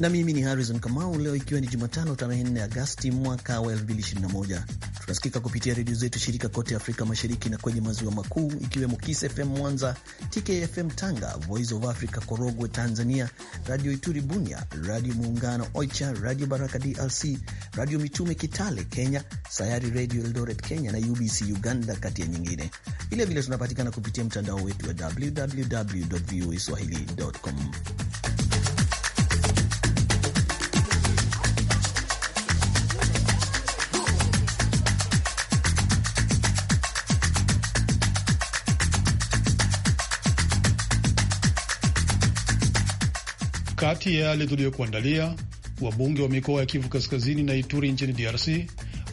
na mimi ni Harrison Kamau. Leo ikiwa ni Jumatano tarehe 4 Agasti mwaka wa 2021, tunasikika kupitia redio zetu shirika kote Afrika Mashariki na kwenye maziwa makuu ikiwemo Kiss FM Mwanza, TKFM Tanga, Voice of Africa Korogwe Tanzania, Radio Ituri Bunia, Radio Muungano Oicha, Radio Baraka DRC, Radio Mitume Kitale Kenya, Sayari Radio Eldoret Kenya na UBC Uganda, kati ya nyingine. Vilevile tunapatikana kupitia mtandao wetu wa www voa swahili.com. Kati ya yale tuliyokuandalia, wabunge wa mikoa ya Kivu Kaskazini na Ituri nchini DRC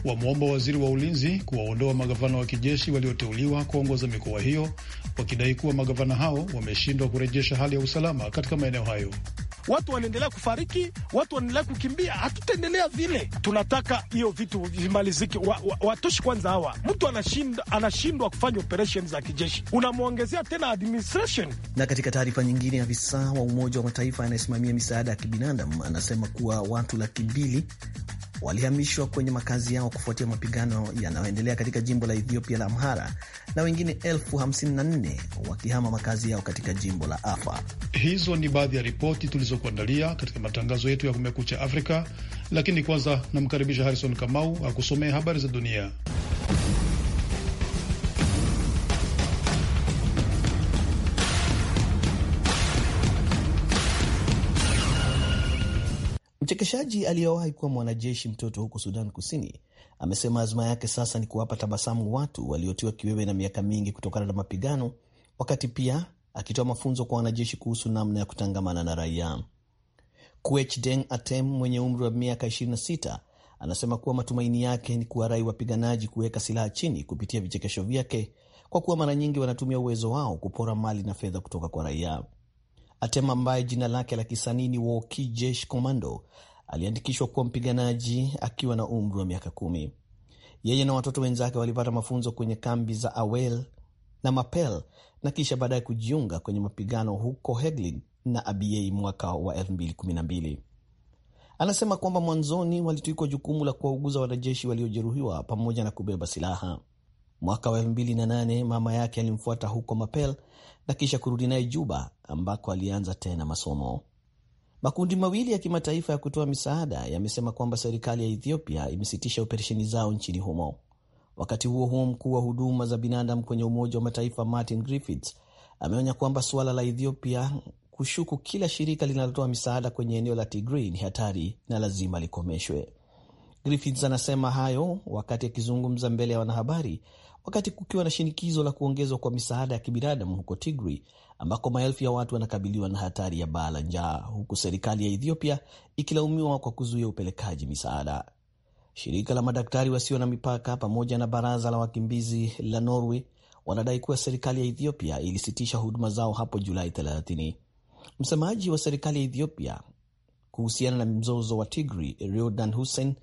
wamwomba waziri wa ulinzi kuwaondoa magavana wa kijeshi walioteuliwa kuongoza mikoa hiyo, wakidai kuwa magavana hao wameshindwa kurejesha hali ya usalama katika maeneo hayo watu wanaendelea kufariki, watu wanaendelea kukimbia. Hatutaendelea vile, tunataka hiyo vitu vimalizike. Wa, wa, watoshi kwanza hawa. Mtu anashindwa anashindwa kufanya operesheni za kijeshi, unamwongezea tena administration. Na katika taarifa nyingine, afisa wa Umoja wa Mataifa anayesimamia misaada ya kibinadamu anasema kuwa watu laki mbili walihamishwa kwenye makazi yao kufuatia mapigano yanayoendelea katika jimbo la Ethiopia la Amhara na wengine elfu wakihama makazi yao katika jimbo la afa Hizo ni baadhi ya ripoti tulizokuandalia katika matangazo yetu ya Kumekucha Afrika, lakini kwanza namkaribisha Harrison Kamau akusomee habari za dunia. Mchekeshaji aliyewahi kuwa mwanajeshi mtoto huko Sudan Kusini amesema azma yake sasa ni kuwapa tabasamu watu waliotiwa kiwewe na miaka mingi kutokana na mapigano, wakati pia akitoa mafunzo kwa wanajeshi kuhusu namna ya kutangamana na raia. Kuech Deng Atem mwenye umri wa miaka 26 anasema kuwa matumaini yake ni kuwarai wapiganaji kuweka silaha chini kupitia vichekesho vyake, kwa kuwa mara nyingi wanatumia uwezo wao kupora mali na fedha kutoka kwa raia. Atem ambaye jina lake la kisanii ni Woki Jesh Commando aliandikishwa kuwa mpiganaji akiwa na umri wa miaka kumi. Yeye na watoto wenzake walipata mafunzo kwenye kambi za Awel na Mapel na kisha baadaye kujiunga kwenye mapigano huko Heglin na Abyei mwaka wa 2012. Anasema kwamba mwanzoni walituikwa jukumu la kuwauguza wanajeshi waliojeruhiwa pamoja na kubeba silaha. Mwaka wa 2008 mama yake alimfuata huko Mapel na kisha kurudi naye Juba ambako alianza tena masomo. Makundi mawili ya kimataifa ya kutoa misaada yamesema kwamba serikali ya Ethiopia imesitisha operesheni zao nchini humo. Wakati huo huo, mkuu wa huduma za binadamu kwenye Umoja wa Mataifa Martin Griffiths ameonya kwamba suala la Ethiopia kushuku kila shirika linalotoa misaada kwenye eneo la Tigray ni hatari na lazima likomeshwe. Griffiths anasema hayo wakati akizungumza mbele ya wanahabari wakati kukiwa na shinikizo la kuongezwa kwa misaada ya kibinadamu huko Tigray ambako maelfu ya watu wanakabiliwa na hatari ya baa la njaa, huku serikali ya Ethiopia ikilaumiwa kwa kuzuia upelekaji misaada. Shirika la madaktari wasio na mipaka pamoja na baraza la wakimbizi la Norway wanadai kuwa serikali ya Ethiopia ilisitisha huduma zao hapo Julai 30. Msemaji wa serikali ya Ethiopia kuhusiana na mzozo wa Tigray, Riodan Hussein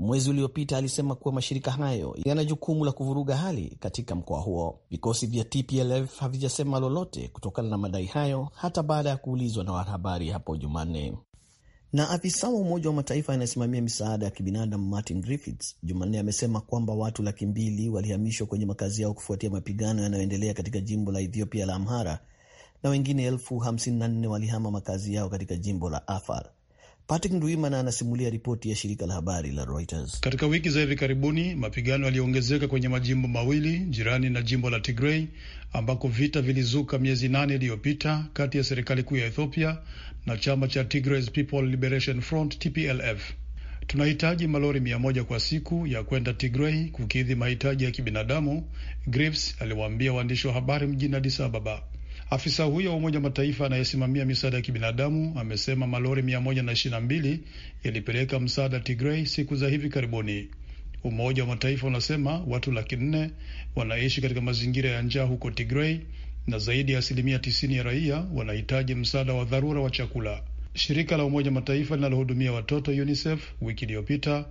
mwezi uliopita alisema kuwa mashirika hayo yana jukumu la kuvuruga hali katika mkoa huo. Vikosi vya TPLF havijasema lolote kutokana na madai hayo hata baada ya kuulizwa na wanahabari hapo Jumanne. Na afisa wa Umoja wa Mataifa anayesimamia misaada ya kibinadamu Martin Griffiths Jumanne amesema kwamba watu laki mbili walihamishwa kwenye makazi yao kufuatia mapigano yanayoendelea katika jimbo la Ethiopia la Amhara na wengine elfu hamsini na nne walihama makazi yao katika jimbo la Afar. Patrick Ndwimana anasimulia ripoti ya shirika la habari la Reuters. Katika wiki za hivi karibuni, mapigano yaliyoongezeka kwenye majimbo mawili jirani na jimbo la tigrey ambako vita vilizuka miezi nane iliyopita kati ya serikali kuu ya Ethiopia na chama cha Tigray's People Liberation Front TPLF. Tunahitaji malori mia moja kwa siku ya kwenda tigrey kukidhi mahitaji ya kibinadamu, Griffiths aliwaambia waandishi wa habari mjini Addis Ababa. Afisa huyo wa Umoja wa Mataifa anayesimamia misaada ya kibinadamu amesema malori 122 yalipeleka msaada Tigrei siku za hivi karibuni. Umoja wa Mataifa unasema watu laki nne wanaishi katika mazingira ya njaa huko Tigrei na zaidi ya asilimia 90 ya raia wanahitaji msaada wa dharura wa chakula. Shirika la Umoja Mataifa linalohudumia watoto UNICEF wiki iliyopita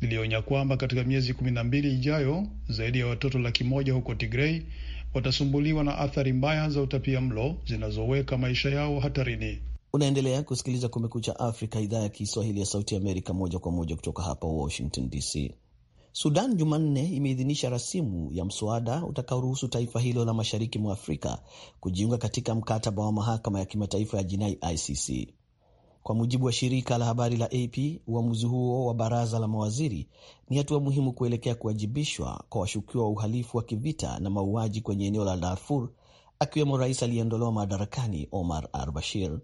lilionya kwamba katika miezi 12 ijayo zaidi ya watoto laki moja huko Tigrei watasumbuliwa na athari mbaya za utapia mlo zinazoweka maisha yao hatarini. Unaendelea kusikiliza Kumekucha Afrika, idhaa ya Kiswahili ya Sauti Amerika, moja kwa moja kutoka hapa Washington DC. Sudan Jumanne imeidhinisha rasimu ya mswada utakaoruhusu taifa hilo la mashariki mwa Afrika kujiunga katika mkataba wa mahakama ya kimataifa ya jinai ICC. Kwa mujibu wa shirika la habari la AP, uamuzi huo wa baraza la mawaziri ni hatua muhimu kuelekea kuwajibishwa kwa washukiwa wa uhalifu wa kivita na mauaji kwenye eneo la Darfur, akiwemo rais aliyeondolewa madarakani Omar al-Bashir.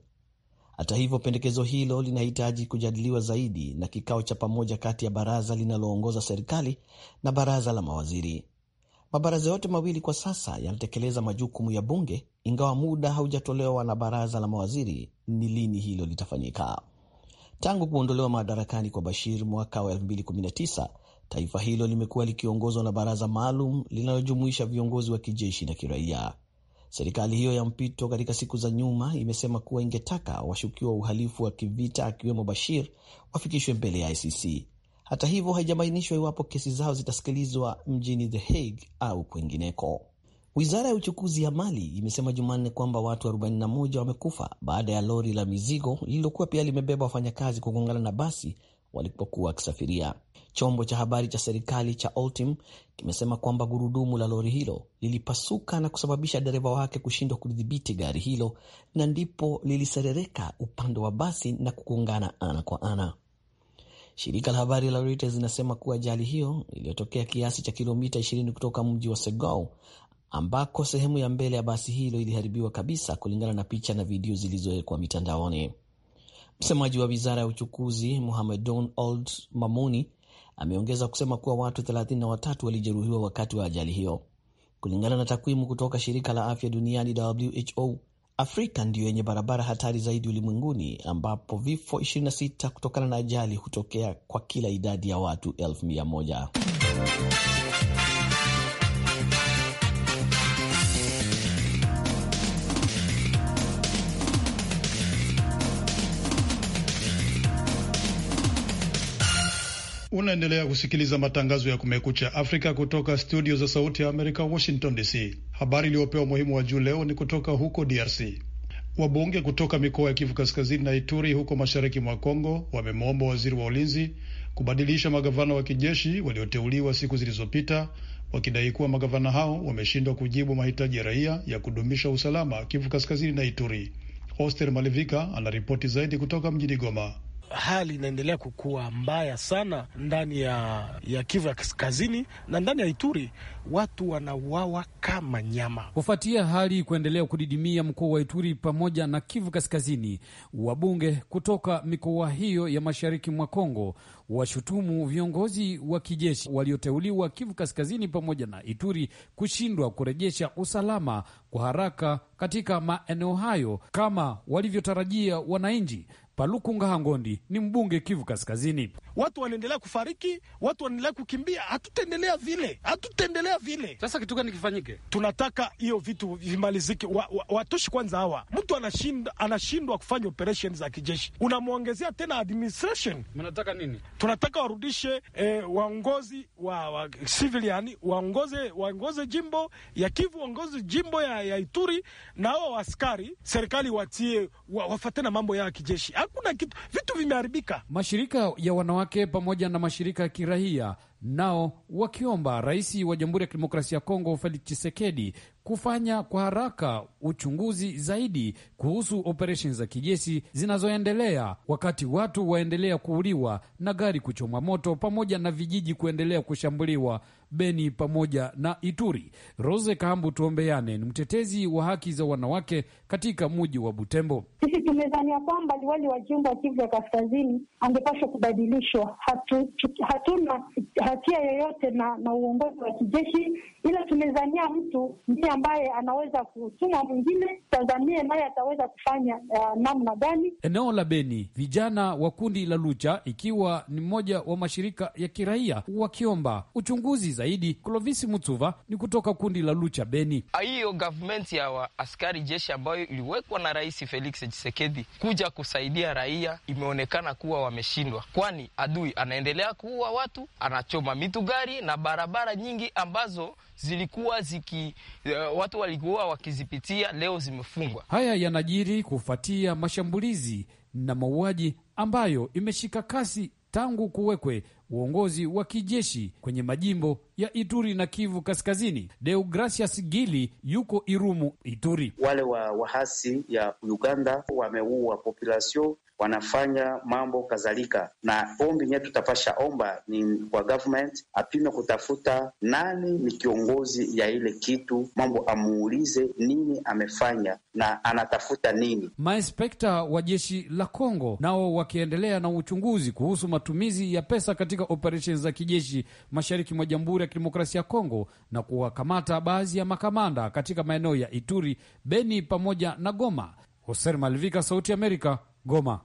Hata hivyo, pendekezo hilo linahitaji kujadiliwa zaidi na kikao cha pamoja kati ya baraza linaloongoza serikali na baraza la mawaziri. Mabaraza yote mawili kwa sasa yanatekeleza majukumu ya bunge, ingawa muda haujatolewa na baraza la mawaziri ni lini hilo litafanyika. Tangu kuondolewa madarakani kwa Bashir mwaka wa 2019 taifa hilo limekuwa likiongozwa na baraza maalum linalojumuisha viongozi wa kijeshi na kiraia. Serikali hiyo ya mpito katika siku za nyuma imesema kuwa ingetaka washukiwa uhalifu wa kivita akiwemo Bashir wafikishwe mbele ya ICC. Hata hivyo, haijabainishwa iwapo kesi zao zitasikilizwa mjini The Hague au kwingineko. Wizara ya uchukuzi ya Mali imesema Jumanne kwamba watu 41 wamekufa baada ya lori la mizigo lililokuwa pia limebeba wafanyakazi kugongana na basi walipokuwa wakisafiria. Chombo cha habari cha serikali cha Altim kimesema kwamba gurudumu la lori hilo lilipasuka na kusababisha dereva wake kushindwa kudhibiti gari hilo, na ndipo liliserereka upande wa basi na kugongana ana kwa ana. Shirika la habari la Reuters linasema kuwa ajali hiyo iliyotokea kiasi cha kilomita 20 kutoka mji wa Segou ambako sehemu ya mbele ya basi hilo iliharibiwa kabisa, kulingana na picha na video zilizowekwa mitandaoni. Msemaji wa wizara ya uchukuzi Mohamedon old Mamuni ameongeza kusema kuwa watu 33 walijeruhiwa wakati wa ajali hiyo. Kulingana na takwimu kutoka shirika la afya duniani WHO, Afrika ndiyo yenye barabara hatari zaidi ulimwenguni ambapo vifo 26 kutokana na ajali hutokea kwa kila idadi ya watu elfu mia moja. Unaendelea kusikiliza matangazo ya Kumekucha Afrika kutoka studio za Sauti ya Amerika, Washington DC. Habari iliyopewa umuhimu wa juu leo ni kutoka huko DRC. Wabunge kutoka mikoa ya Kivu Kaskazini na Ituri huko mashariki mwa Kongo wamemwomba waziri wa ulinzi kubadilisha magavana wa kijeshi walioteuliwa siku zilizopita, wakidai kuwa magavana hao wameshindwa kujibu mahitaji ya raia ya kudumisha usalama Kivu Kaskazini na Ituri. Oster Malivika anaripoti zaidi kutoka mjini Goma hali inaendelea kukuwa mbaya sana ndani ya, ya Kivu ya kaskazini na ndani ya Ituri, watu wanauawa kama nyama. Kufuatia hali kuendelea kudidimia mkoa wa Ituri pamoja na Kivu kaskazini, wabunge kutoka mikoa hiyo ya mashariki mwa Kongo washutumu viongozi wa kijeshi walioteuliwa Kivu kaskazini pamoja na Ituri kushindwa kurejesha usalama kwa haraka katika maeneo hayo kama walivyotarajia wananchi, Paluku Ngaha Ngondi ni mbunge Kivu Kaskazini watu wanaendelea kufariki, watu wanaendelea kukimbia. Hatutaendelea vile, hatutaendelea vile. Sasa kitu gani kifanyike? Tunataka hiyo vitu vimalizike, wa, wa, watoshi kwanza. Hawa mtu anashindwa anashindwa kufanya operation za kijeshi, unamwongezea tena administration. Mnataka nini? Tunataka warudishe eh, waongozi wa, wa civilian waongoze waongoze jimbo ya Kivu, waongoze jimbo ya, ya Ituri na hao askari serikali watie wa, na mambo ya kijeshi. Hakuna kitu, vitu vimeharibika. Mashirika ya wanawake wanawake pamoja na mashirika ya kiraia nao wakiomba rais wa Jamhuri ya Kidemokrasia ya Kongo Felix Tshisekedi kufanya kwa haraka uchunguzi zaidi kuhusu operesheni za kijeshi zinazoendelea, wakati watu waendelea kuuliwa na gari kuchomwa moto pamoja na vijiji kuendelea kushambuliwa. Beni pamoja na Ituri. Rose Kahambu Tuombeane ni mtetezi wa haki za wanawake katika muji wa Butembo. Sisi tumezania kwamba liwali wa jimbo wa Kivu ya Kaskazini angepashwa kubadilishwa. Hatu, hatuna hatia yoyote na, na uongozi wa kijeshi, ila tumezania mtu ndiye ambaye anaweza kutuma mwingine, tazamie naye ataweza kufanya uh, namna gani. Eneo la Beni, vijana wa kundi la Lucha ikiwa ni mmoja wa mashirika ya kiraia wakiomba uchunguzi zaidi. Klovisi Mutuva ni kutoka kundi la Lucha Beni. Ah, hiyo gavumenti ya wa askari jeshi ambayo iliwekwa na Rais Felix Tshisekedi kuja kusaidia raia imeonekana kuwa wameshindwa, kwani adui anaendelea kuua watu, anachoma mitu gari na barabara nyingi ambazo zilikuwa ziki uh, watu walikuwa wakizipitia leo zimefungwa. Haya yanajiri kufuatia mashambulizi na mauaji ambayo imeshika kasi tangu kuwekwe uongozi wa kijeshi kwenye majimbo ya Ituri na Kivu Kaskazini. Deogracias Gili yuko Irumu, Ituri. Wale wa wahasi ya Uganda wameua populasion wanafanya mambo kadhalika, na ombi nye tutapasha omba ni kwa government apime kutafuta nani ni kiongozi ya ile kitu mambo, amuulize nini amefanya na anatafuta nini. Mainspekta wa jeshi la Kongo nao wakiendelea na uchunguzi kuhusu matumizi ya pesa katika operesheni za kijeshi mashariki mwa Jamhuri ya Kidemokrasia ya Kongo na kuwakamata baadhi ya makamanda katika maeneo ya Ituri, Beni pamoja na Goma. Hoser Malvika, Sauti Amerika, Goma.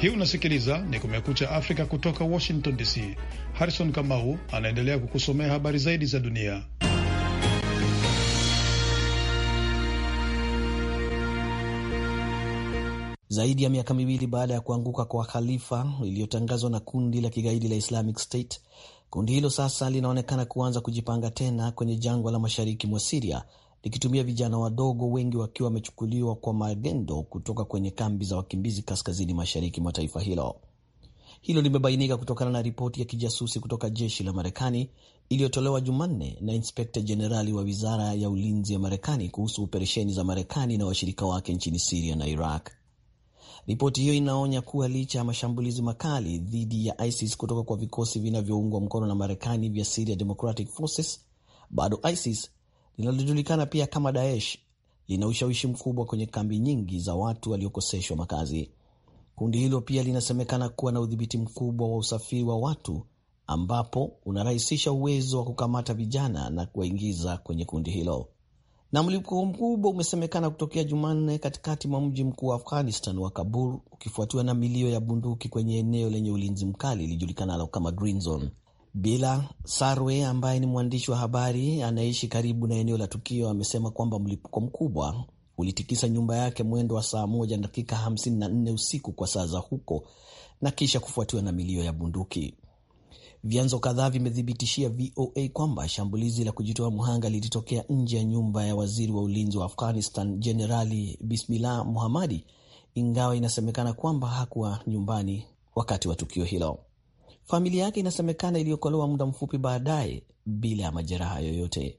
Hii unasikiliza ni Kumekucha Afrika kutoka Washington DC. Harrison Kamau anaendelea kukusomea habari zaidi za dunia. zaidi ya miaka miwili baada ya kuanguka kwa khalifa iliyotangazwa na kundi la kigaidi la Islamic State. Kundi hilo sasa linaonekana kuanza kujipanga tena kwenye jangwa la mashariki mwa Siria likitumia vijana wadogo, wengi wakiwa wamechukuliwa kwa magendo kutoka kwenye kambi za wakimbizi kaskazini mashariki mwa taifa hilo. Hilo limebainika kutokana na ripoti ya kijasusi kutoka jeshi la Marekani iliyotolewa Jumanne na inspekta jenerali wa wizara ya ulinzi ya Marekani kuhusu operesheni za Marekani na washirika wake nchini Siria na Iraq. Ripoti hiyo inaonya kuwa licha ya mashambulizi makali dhidi ya ISIS kutoka kwa vikosi vinavyoungwa mkono na Marekani vya Syria Democratic Forces, bado ISIS linalojulikana pia kama Daesh lina ushawishi mkubwa kwenye kambi nyingi za watu waliokoseshwa makazi. Kundi hilo pia linasemekana kuwa na udhibiti mkubwa wa usafiri wa watu, ambapo unarahisisha uwezo wa kukamata vijana na kuwaingiza kwenye kundi hilo na mlipuko mkubwa umesemekana kutokea Jumanne katikati mwa mji mkuu wa Afghanistan wa Kabul, ukifuatiwa na milio ya bunduki kwenye eneo lenye ulinzi mkali ilijulikanalo kama Green Zone. Bila Sarwe ambaye ni mwandishi wa habari anayeishi karibu na eneo la tukio amesema kwamba mlipuko mkubwa ulitikisa nyumba yake mwendo wa saa moja dakika 54 usiku kwa saa za huko na kisha kufuatiwa na milio ya bunduki. Vyanzo kadhaa vimethibitishia VOA kwamba shambulizi la kujitoa mhanga lilitokea nje ya nyumba ya waziri wa ulinzi wa Afghanistan Jenerali Bismillah Muhammadi, ingawa inasemekana kwamba hakuwa nyumbani wakati wa tukio hilo. Familia yake inasemekana iliyokolewa muda mfupi baadaye bila ya majeraha yoyote.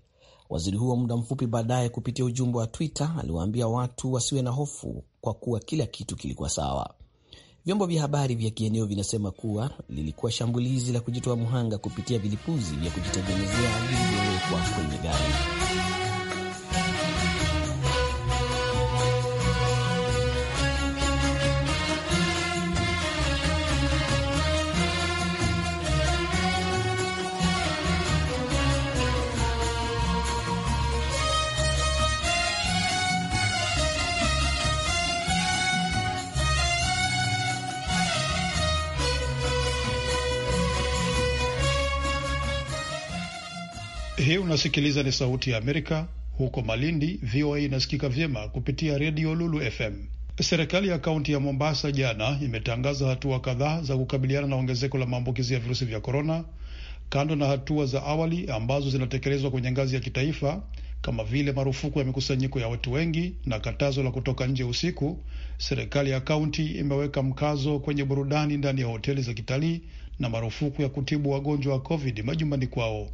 Waziri huo muda mfupi baadaye, kupitia ujumbe wa Twitter, aliwaambia watu wasiwe na hofu kwa kuwa kila kitu kilikuwa sawa. Vyombo vya habari vya kieneo vinasema kuwa lilikuwa shambulizi la kujitoa mhanga kupitia vilipuzi vya kujitengenezea vilivyowekwa kwenye gari. Hii unasikiliza ni Sauti ya Amerika. Huko Malindi, VOA inasikika vyema kupitia redio Lulu FM. Serikali ya kaunti ya Mombasa jana imetangaza hatua kadhaa za kukabiliana na ongezeko la maambukizi ya virusi vya korona, kando na hatua za awali ambazo zinatekelezwa kwenye ngazi ya kitaifa kama vile marufuku ya mikusanyiko ya watu wengi na katazo la kutoka nje usiku. Serikali ya kaunti imeweka mkazo kwenye burudani ndani ya hoteli za kitalii na marufuku ya kutibu wagonjwa wa COVID majumbani kwao.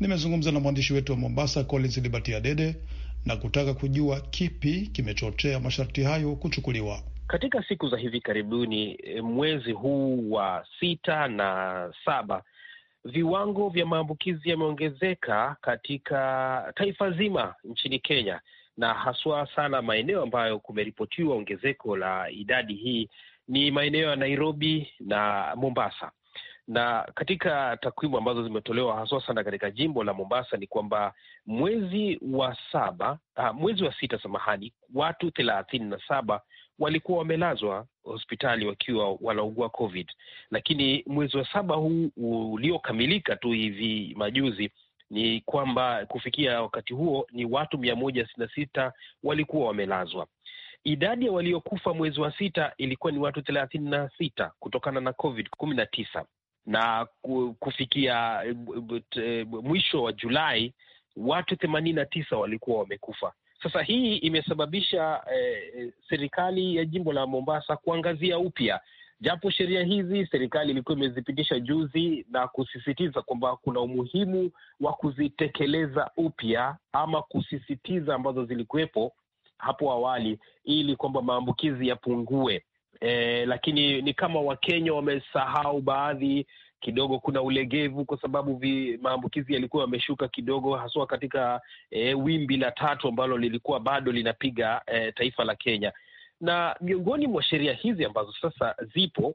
Nimezungumza na mwandishi wetu wa Mombasa, Collins Liberty Adede, na kutaka kujua kipi kimechochea masharti hayo kuchukuliwa. Katika siku za hivi karibuni, eh, mwezi huu wa sita na saba, viwango vya maambukizi yameongezeka katika taifa zima nchini Kenya, na haswa sana maeneo ambayo kumeripotiwa ongezeko la idadi hii ni maeneo ya Nairobi na Mombasa na katika takwimu ambazo zimetolewa haswa sana katika jimbo la Mombasa ni kwamba mwezi wa saba uh, mwezi wa sita samahani, watu thelathini na saba walikuwa wamelazwa hospitali wakiwa wanaugua COVID, lakini mwezi wa saba huu uliokamilika tu hivi majuzi ni kwamba kufikia wakati huo ni watu mia moja sitini na sita walikuwa wamelazwa. Idadi ya waliokufa mwezi wa sita ilikuwa ni watu thelathini na sita kutokana na COVID kumi na tisa na kufikia eh, mwisho wa Julai watu themanini na tisa walikuwa wamekufa. Sasa hii imesababisha eh, eh, serikali ya jimbo la Mombasa kuangazia upya, japo sheria hizi serikali ilikuwa imezipitisha juzi na kusisitiza kwamba kuna umuhimu wa kuzitekeleza upya ama kusisitiza ambazo zilikuwepo hapo awali ili kwamba maambukizi yapungue e, lakini ni kama Wakenya wamesahau baadhi kidogo kuna ulegevu kwa sababu maambukizi yalikuwa yameshuka kidogo, haswa katika e, wimbi la tatu ambalo lilikuwa bado linapiga e, taifa la Kenya. Na miongoni mwa sheria hizi ambazo sasa zipo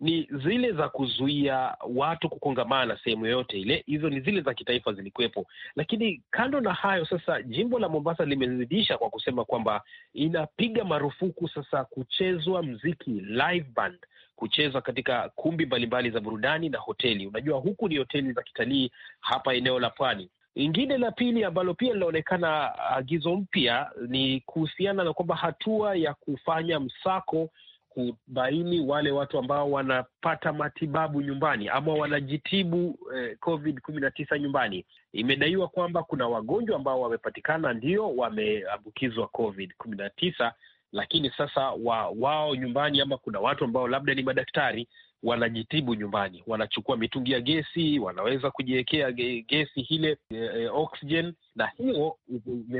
ni zile za kuzuia watu kukongamana sehemu yoyote ile, hizo ni zile za kitaifa zilikuwepo. Lakini kando na hayo, sasa jimbo la Mombasa limezidisha kwa kusema kwamba inapiga marufuku sasa kuchezwa mziki live band kuchezwa katika kumbi mbalimbali za burudani na hoteli. Unajua, huku ni hoteli za kitalii hapa eneo la pwani. Ingine la pili ambalo pia linaonekana agizo mpya ni kuhusiana na kwamba hatua ya kufanya msako kubaini wale watu ambao wanapata matibabu nyumbani ama wanajitibu eh, covid kumi na tisa nyumbani. Imedaiwa kwamba kuna wagonjwa ambao wamepatikana ndio wameambukizwa covid kumi na tisa, lakini sasa wa, wao nyumbani ama kuna watu ambao labda ni madaktari wanajitibu nyumbani, wanachukua mitungi ya gesi, wanaweza kujiwekea gesi ile e, e, oxygen, na hiyo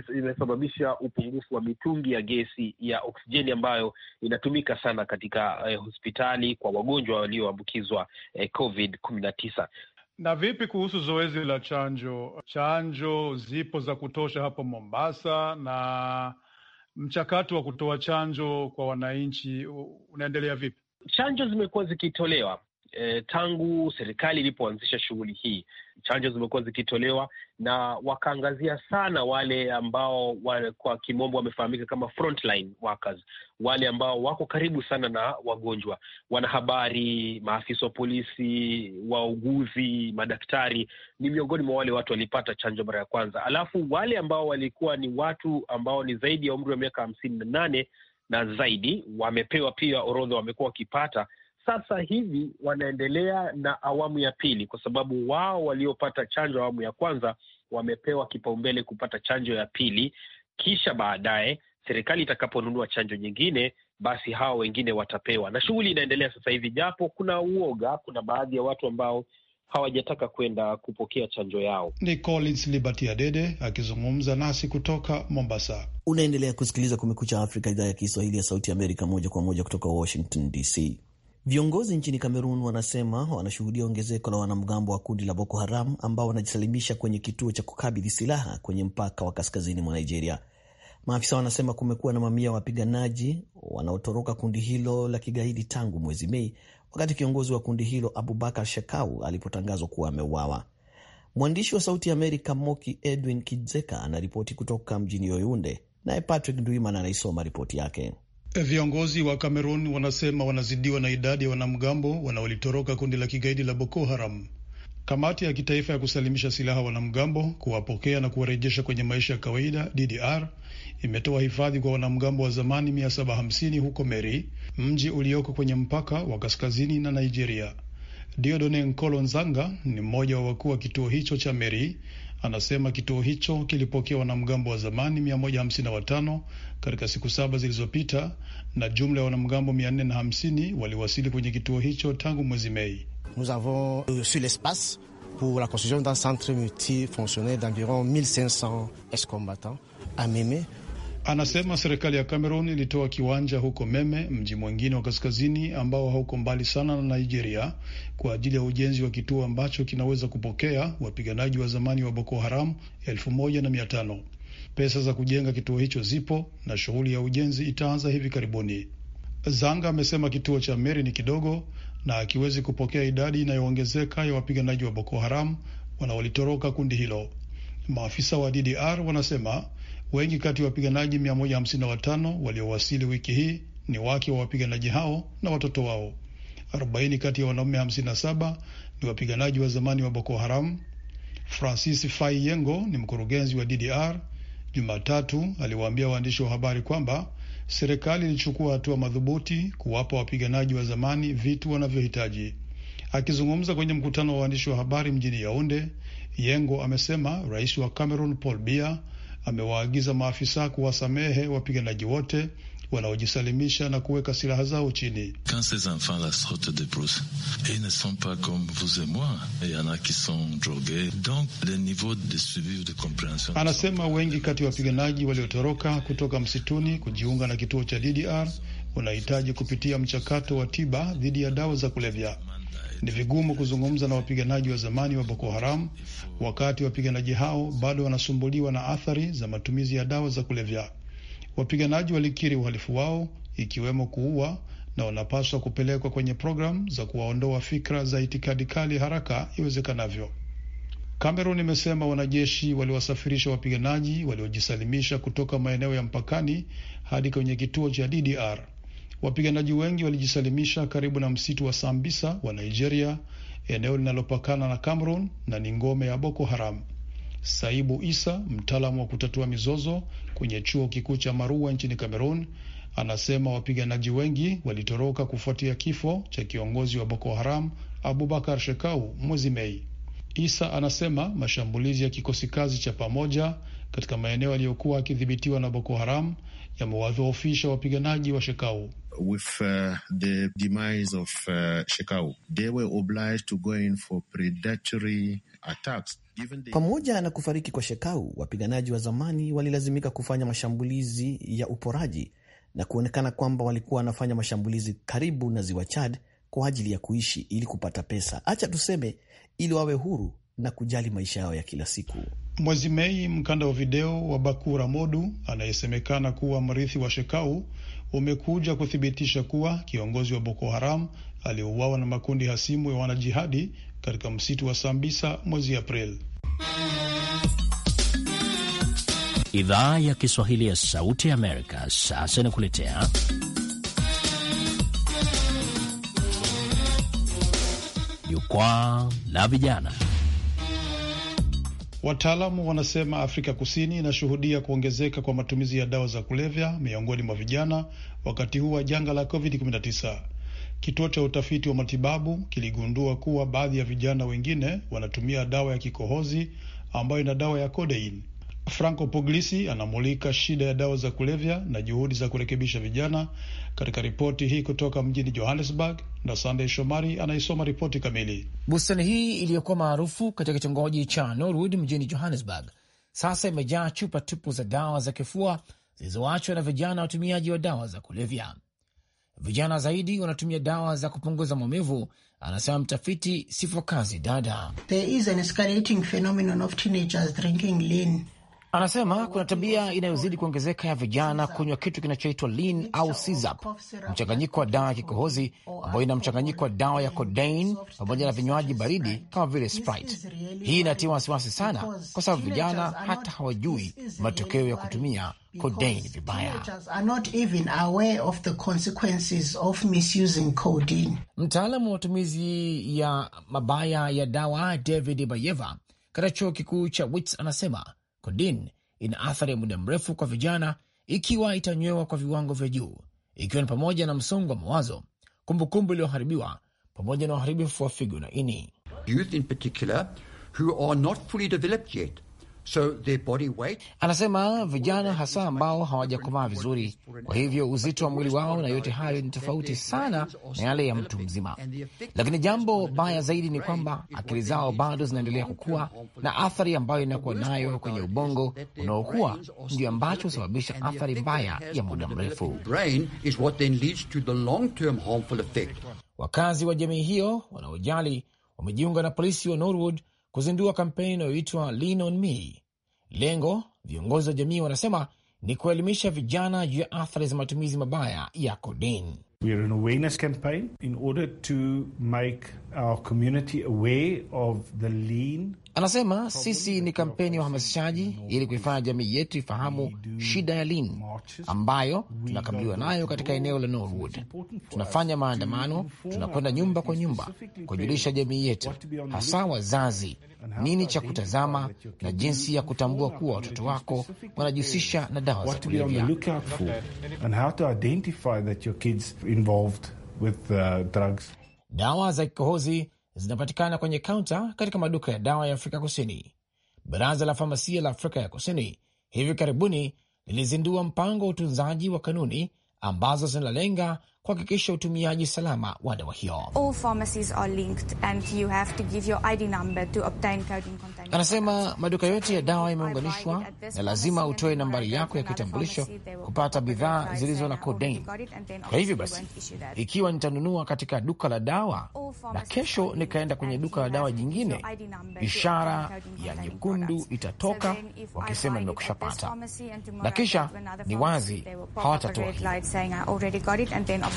imesababisha upungufu wa mitungi ya gesi ya oksijeni ambayo inatumika sana katika e, hospitali kwa wagonjwa walioambukizwa e, COVID kumi na tisa. Na vipi kuhusu zoezi la chanjo? Chanjo zipo za kutosha hapo Mombasa na mchakato wa kutoa chanjo kwa wananchi unaendelea vipi? Chanjo zimekuwa zikitolewa E, tangu serikali ilipoanzisha shughuli hii, chanjo zimekuwa zikitolewa na wakaangazia sana wale ambao wale kwa kimombo wamefahamika kama frontline workers, wale ambao wako karibu sana na wagonjwa, wanahabari, maafisa wa polisi, wauguzi, madaktari ni miongoni mwa wale watu walipata chanjo mara ya kwanza. Alafu wale ambao walikuwa ni watu ambao ni zaidi ya umri wa miaka hamsini na nane na zaidi wamepewa pia orodha wamekuwa wakipata. Sasa hivi wanaendelea na awamu ya pili, kwa sababu wao waliopata chanjo awamu ya kwanza wamepewa kipaumbele kupata chanjo ya pili, kisha baadaye serikali itakaponunua chanjo nyingine, basi hawa wengine watapewa, na shughuli inaendelea sasa hivi, japo kuna uoga, kuna baadhi ya watu ambao hawajataka kwenda kupokea chanjo yao. Ni Collins Liberty Adede akizungumza nasi kutoka Mombasa. Unaendelea kusikiliza Kumekucha Afrika, idhaa ya Kiswahili ya Sauti Amerika, moja kwa moja kutoka Washington DC. Viongozi nchini Kamerun wanasema wanashuhudia ongezeko la wanamgambo wa kundi la Boko Haram ambao wanajisalimisha kwenye kituo cha kukabidhi silaha kwenye mpaka wa kaskazini mwa Nigeria. Maafisa wanasema kumekuwa na mamia wapiganaji wanaotoroka kundi hilo la kigaidi tangu mwezi Mei, wakati kiongozi wa kundi hilo Abubakar Shekau alipotangazwa kuwa ameuawa. Mwandishi wa Sauti ya Amerika Moki Edwin Kidzeka anaripoti kutoka mjini Yoyunde, naye Patrick Ndwimana anaisoma ripoti yake. Viongozi wa Kamerun wanasema wanazidiwa na idadi ya wanamgambo wanaolitoroka kundi la kigaidi la Boko Haram. Kamati ya kitaifa ya kusalimisha silaha wanamgambo, kuwapokea na kuwarejesha kwenye maisha ya kawaida, DDR, imetoa hifadhi kwa wanamgambo wa zamani 750 huko Meri, mji ulioko kwenye mpaka wa kaskazini na Nigeria. Diodone Nkolo Nzanga ni mmoja wa wakuu wa kituo hicho cha Meri. Anasema kituo hicho kilipokea wanamgambo wa zamani 155 katika siku saba zilizopita na jumla ya wanamgambo 450 waliwasili kwenye kituo hicho tangu mwezi Mei. Nous avons reçu l'espace pour la construction d'un centre multifonctionnel d'environ 1500 ex-combattants à Meme Anasema serikali ya Cameroon ilitoa kiwanja huko Meme, mji mwingine wa kaskazini ambao hauko mbali sana na Nigeria, kwa ajili ya ujenzi wa kituo ambacho kinaweza kupokea wapiganaji wa zamani wa Boko Haram elfu moja na mia tano. Pesa za kujenga kituo hicho zipo na shughuli ya ujenzi itaanza hivi karibuni. Zanga amesema kituo cha Meri ni kidogo na akiwezi kupokea idadi inayoongezeka ya wapiganaji wa Boko Haram wanaolitoroka kundi hilo. Maafisa wa DDR wanasema Wengi kati ya wapiganaji 155 waliowasili wiki hii ni wake wa wapiganaji hao na watoto wao. 40 kati ya wanaume 57 ni wapiganaji wa zamani wa Boko Haram. Francis Fai Yengo ni mkurugenzi wa DDR. Jumatatu aliwaambia waandishi wa habari kwamba serikali ilichukua hatua madhubuti kuwapa wapiganaji wa zamani vitu wanavyohitaji. Akizungumza kwenye mkutano wa waandishi wa habari mjini Yaunde, Yengo amesema rais wa Cameroon Paul Biya amewaagiza maafisa kuwasamehe wapiganaji wote wanaojisalimisha na kuweka silaha zao chini. Anasema wengi kati ya wapiganaji waliotoroka kutoka msituni kujiunga na kituo cha DDR unahitaji kupitia mchakato wa tiba dhidi ya dawa za kulevya. Ni vigumu kuzungumza na wapiganaji wa zamani wa Boko Haram wakati wapiganaji hao bado wanasumbuliwa na athari za matumizi ya dawa za kulevya. Wapiganaji walikiri uhalifu wao, ikiwemo kuua, na wanapaswa kupelekwa kwenye programu za kuwaondoa fikra za itikadi kali haraka iwezekanavyo. Cameroon imesema wanajeshi waliwasafirisha wapiganaji waliojisalimisha kutoka maeneo ya mpakani hadi kwenye kituo cha DDR. Wapiganaji wengi walijisalimisha karibu na msitu wa Sambisa wa Nigeria, eneo linalopakana na Cameroon na ni ngome ya Boko Haram. Saibu Isa, mtaalamu wa kutatua mizozo kwenye chuo kikuu cha Marua nchini Cameroon, anasema wapiganaji wengi walitoroka kufuatia kifo cha kiongozi wa Boko Haram Abubakar Shekau mwezi Mei. Isa anasema mashambulizi ya kikosi kazi cha pamoja katika maeneo yaliyokuwa akidhibitiwa na Boko Haram yamewadhoofisha wapiganaji wa Shekau. With, uh, the demise of, uh, Shekau. They were obliged to go in for predatory attacks. Pamoja na kufariki kwa Shekau, wapiganaji wa zamani walilazimika kufanya mashambulizi ya uporaji na kuonekana kwamba walikuwa wanafanya mashambulizi karibu na ziwa Chad kwa ajili ya kuishi ili kupata pesa, acha tuseme, ili wawe huru na kujali maisha yao ya kila siku. Mwezi Mei, mkanda wa video wa Bakura Modu anayesemekana kuwa mrithi wa Shekau umekuja kuthibitisha kuwa kiongozi wa Boko Haram aliyeuawa na makundi hasimu ya wanajihadi katika msitu wa Sambisa mwezi april Idhaa ya Kiswahili ya Sauti ya Amerika sasa inakuletea jukwaa la vijana. Wataalamu wanasema Afrika Kusini inashuhudia kuongezeka kwa matumizi ya dawa za kulevya miongoni mwa vijana wakati huu wa janga la COVID-19. Kituo cha utafiti wa matibabu kiligundua kuwa baadhi ya vijana wengine wanatumia dawa ya kikohozi ambayo ina dawa ya kodein Franco Puglisi anamulika shida ya dawa za kulevya na juhudi za kurekebisha vijana katika ripoti hii kutoka mjini Johannesburg, na Sandey Shomari anaisoma ripoti kamili. Bustani hii iliyokuwa maarufu katika kitongoji cha Norwood mjini Johannesburg sasa imejaa chupa tupu za dawa za kifua zilizoachwa na vijana watumiaji wa dawa za kulevya. Vijana zaidi wanatumia dawa za kupunguza maumivu, anasema mtafiti Sifokazi Dada. There is an escalating phenomenon of teenagers drinking lean Anasema kuna tabia inayozidi kuongezeka ya vijana kunywa kitu kinachoitwa lean au sizap, mchanganyiko wa dawa ya kikohozi ambayo ina mchanganyiko wa dawa ya codeine pamoja na vinywaji baridi kama vile Sprite. Hii inatia wasiwasi sana, kwa sababu vijana hata hawajui matokeo ya kutumia codeine vibaya. Mtaalamu wa matumizi ya mabaya ya dawa David Bayeva katika chuo kikuu cha Wits anasema codeine ina athari ya muda mrefu kwa vijana ikiwa itanywewa kwa viwango vya juu, ikiwa ni pamoja na msongo wa mawazo, kumbukumbu iliyoharibiwa, pamoja na uharibifu wa figo na ini. Youth in particular who are not fully developed yet So their body weight, anasema vijana hasa ambao hawajakomaa vizuri, kwa hivyo uzito wa mwili wao na yote hayo ni tofauti sana na yale ya mtu mzima. Lakini jambo baya zaidi ni kwamba akili zao bado zinaendelea kukua, na athari ambayo inakuwa nayo kwenye ubongo unaokuwa ndio ambacho husababisha athari mbaya ya muda mrefu. Wakazi wa jamii hiyo wanaojali wamejiunga na polisi wa Norwood kuzindua kampeni inayoitwa Lean on Me. Lengo, viongozi wa jamii wanasema, ni kuelimisha vijana juu ya athari za matumizi mabaya ya kodini. Anasema sisi ni kampeni ya uhamasishaji ili kuifanya jamii yetu ifahamu uh, shida ya Lynn ambayo tunakabiliwa nayo katika eneo la Norwood. Tunafanya maandamano, tunakwenda nyumba kwa nyumba kujulisha jamii yetu, hasa wazazi, nini cha kutazama na jinsi ya kutambua kuwa watoto wako wanajihusisha na dawa za kulevya. Uh, dawa za kikohozi zinapatikana kwenye kaunta katika maduka ya dawa ya Afrika Kusini. Baraza la Famasia la Afrika ya Kusini hivi karibuni lilizindua mpango wa utunzaji wa kanuni ambazo zinalenga kuhakikisha utumiaji salama wa dawa hiyo. Anasema maduka yote ya dawa yameunganishwa na lazima utoe nambari yako ya kitambulisho kupata bidhaa zilizo na codeine. Kwa hivyo basi, ikiwa nitanunua katika duka la dawa na kesho nikaenda kwenye duka la dawa jingine, ishara ya nyekundu itatoka wakisema pata, na kisha ni wazi hawatatoa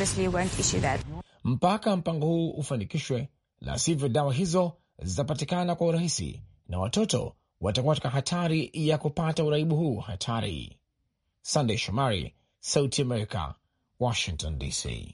obviously won't issue that. Mpaka mpango huu ufanikishwe, la sivyo dawa hizo zitapatikana kwa urahisi na watoto watakuwa katika hatari ya kupata uraibu huu hatari. Sandey Shomari, Sauti america Washington DC.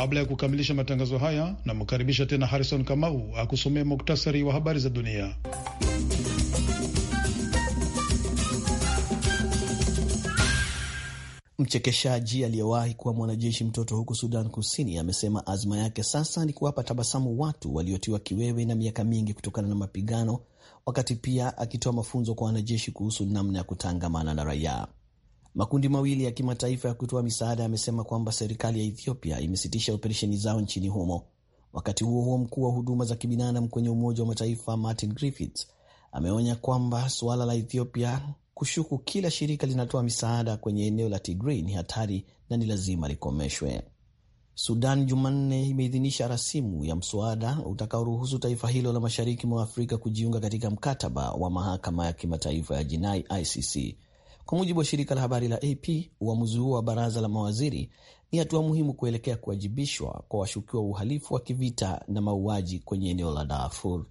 Kabla ya kukamilisha matangazo haya, namkaribisha tena Harrison Kamau akusomea muktasari wa habari za dunia. Mchekeshaji aliyewahi kuwa mwanajeshi mtoto huko Sudan Kusini amesema azma yake sasa ni kuwapa tabasamu watu waliotiwa kiwewe na miaka mingi kutokana na mapigano, wakati pia akitoa mafunzo kwa wanajeshi kuhusu namna ya kutangamana na raia. Makundi mawili ya kimataifa ya kutoa misaada yamesema kwamba serikali ya Ethiopia imesitisha operesheni zao nchini humo. Wakati huo huo, mkuu wa huduma za kibinadamu kwenye Umoja wa Mataifa Martin Griffiths ameonya kwamba suala la Ethiopia kushuku kila shirika linatoa misaada kwenye eneo la Tigray ni hatari na ni lazima likomeshwe. Sudan Jumanne imeidhinisha rasimu ya mswada utakaoruhusu taifa hilo la mashariki mwa Afrika kujiunga katika mkataba wa mahakama ya kimataifa ya jinai ICC. Kwa mujibu wa shirika la habari la AP, uamuzi huo wa baraza la mawaziri ni hatua muhimu kuelekea kuwajibishwa kwa washukiwa uhalifu wa kivita na mauaji kwenye eneo la Darfur.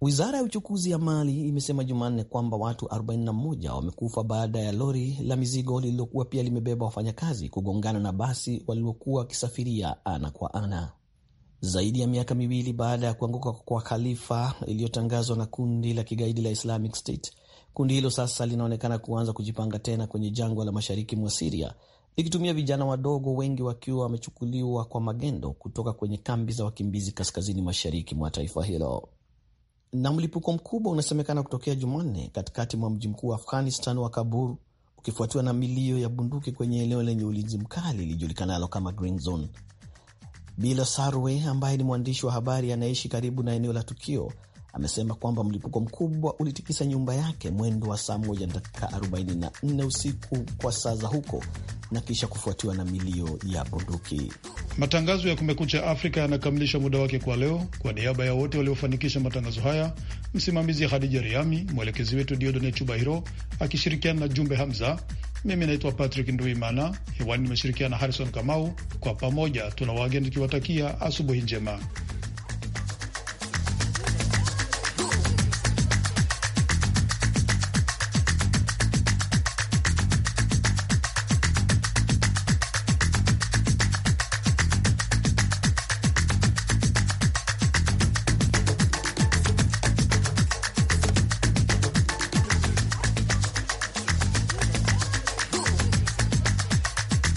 Wizara ya uchukuzi ya Mali imesema Jumanne kwamba watu 41 wamekufa baada ya lori la mizigo lililokuwa pia limebeba wafanyakazi kugongana na basi waliokuwa wakisafiria ana kwa ana. Zaidi ya miaka miwili baada ya kuanguka kwa Khalifa iliyotangazwa na kundi la kigaidi la Islamic State, Kundi hilo sasa linaonekana kuanza kujipanga tena kwenye jangwa la mashariki mwa Siria likitumia vijana wadogo, wengi wakiwa wamechukuliwa kwa magendo kutoka kwenye kambi za wakimbizi kaskazini mashariki mwa taifa hilo. Na mlipuko mkubwa unasemekana kutokea Jumanne katikati mwa mji mkuu wa Afghanistan wa Kabul, ukifuatiwa na milio ya bunduki kwenye eneo lenye ulinzi mkali lilijulikanalo kama Green Zone. Bila Sarwe ambaye ni mwandishi wa habari anayeishi karibu na eneo la tukio amesema kwamba mlipuko mkubwa ulitikisa nyumba yake mwendo wa saa moja dakika 44 usiku kwa saa za huko na kisha kufuatiwa na milio ya bunduki. Matangazo ya Kumekucha Afrika yanakamilisha muda wake kwa leo. Kwa niaba ya wote waliofanikisha matangazo haya, msimamizi Hadija Riami, mwelekezi wetu Diodone Chubahiro akishirikiana na Jumbe Hamza. Mimi naitwa Patrick Nduimana, hewani nimeshirikiana na Harrison Kamau. Kwa pamoja tuna wageni tukiwatakia asubuhi njema.